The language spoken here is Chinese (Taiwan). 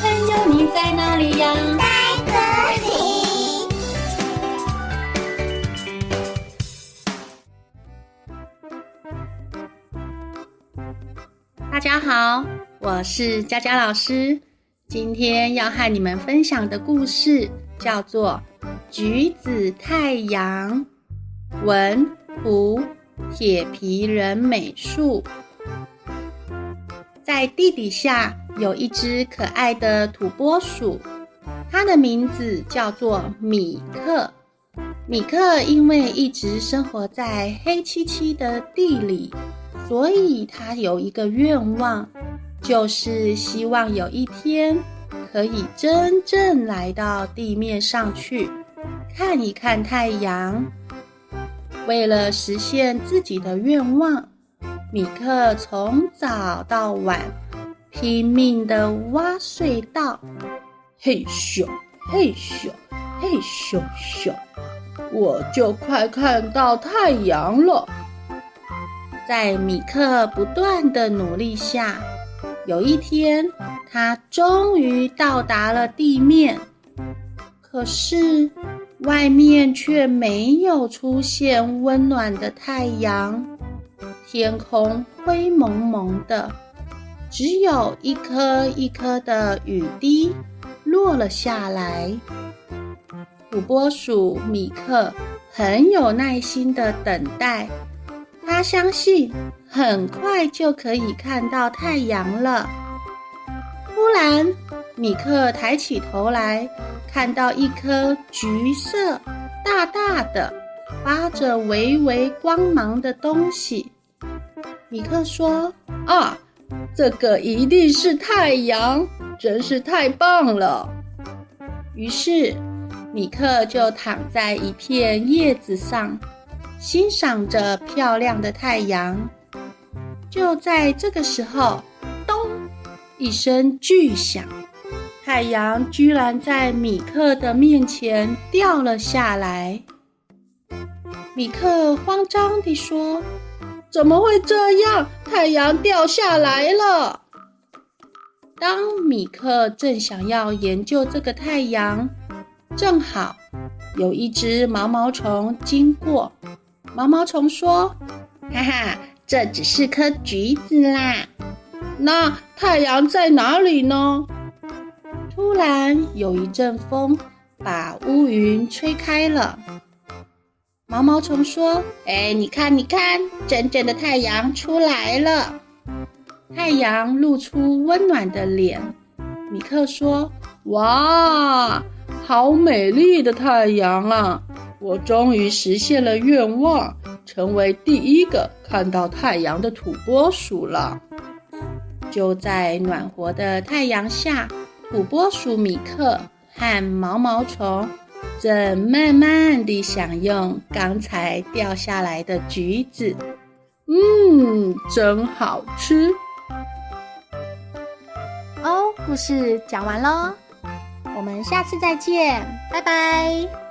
朋友，你在哪裡呀？在客廳。大家好，我是佳佳老師。今天要和你們分享的故事叫做《橘子太陽文圖鐵皮人美術》。在地底下。有一隻可愛的土撥鼠，它的名字叫做米克。米克因為一直生活在黑漆漆的地裡，所以他有一個願望，就是希望有一天可以真正來到地面上去看一看太陽。為了實現自己的願望，米克從早到晚。拼命地挖隧道，嘿咻嘿咻嘿咻咻，我就快看到太陽了。在米克不斷的努力下，有一天他終於到達了地面，可是外面卻沒有出現溫暖的太陽，天空灰蒙蒙的。只有一顆一顆的雨滴落了下來。土撥鼠米克很有耐心的等待，他相信很快就可以看到太陽了。突然，米克抬起頭來，看到一顆橘色、大大的、發着微微光芒的東西。米克說：“啊！”這個一定是太陽，真是太棒了！於是，米克就躺在一片葉子上，欣賞着漂亮的太陽。就在這個時候，咚一聲巨響，太陽居然在米克的面前掉了下來。米克慌張地說：怎麼會這樣？太陽掉下來了！當米克正想要研究這個太陽，正好有一隻毛毛蟲經過。毛毛蟲說：“哈哈，這只是顆橘子啦。”那太陽在哪裡呢？突然有一陣風把烏雲吹開了。毛毛蟲說：“哎，你看，你看，真正的太陽出來了，太陽露出溫暖的臉。”米克說：“哇，好美麗的太陽啊！我終於實現了願望，成為第一個看到太陽的土撥鼠了。”就在暖和的太陽下，土撥鼠米克和毛毛蟲。正慢慢地享用剛才掉下來的橘子，嗯，真好吃。哦，故事講完嘍，我們下次再見，拜拜。